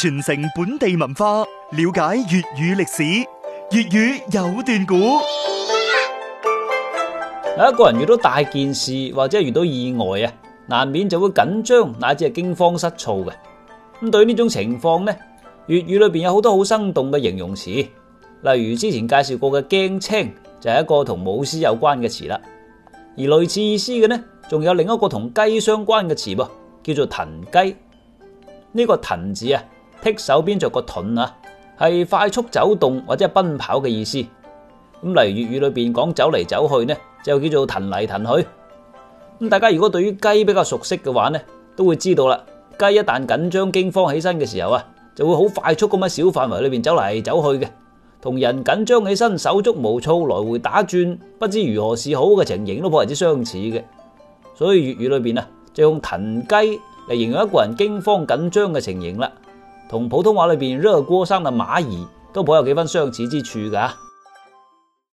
傳承本地文化，了解粵語歷史，粵語有段古。一個人遇到大件事或者遇到意外啊，難免就會緊張乃至係驚慌失措嘅。咁對於呢種情況呢，粵語裏邊有好多好生動嘅形容詞，例如之前介紹過嘅驚青就係一個同舞獅有關嘅詞啦。而類似意思嘅呢，仲有另一個同雞相關嘅詞噃，叫做揗雞。呢個揗字啊。剔手邊着個盾啊，係快速走動或者奔跑嘅意思。咁例如粵語裏邊講走嚟走去呢，就叫做揗嚟揗去。咁大家如果對於雞比較熟悉嘅話呢，都會知道啦。雞一旦緊張驚慌起身嘅時候啊，就會好快速咁喺小範圍裏邊走嚟走去嘅，同人緊張起身手足無措、來回打轉、不知如何是好嘅情形都頗為之相似嘅。所以粵語裏邊啊，就用揗雞嚟形容一個人驚慌緊張嘅情形啦。同普通話裏邊熱鍋上的螞蟻都頗有幾分相似之處㗎。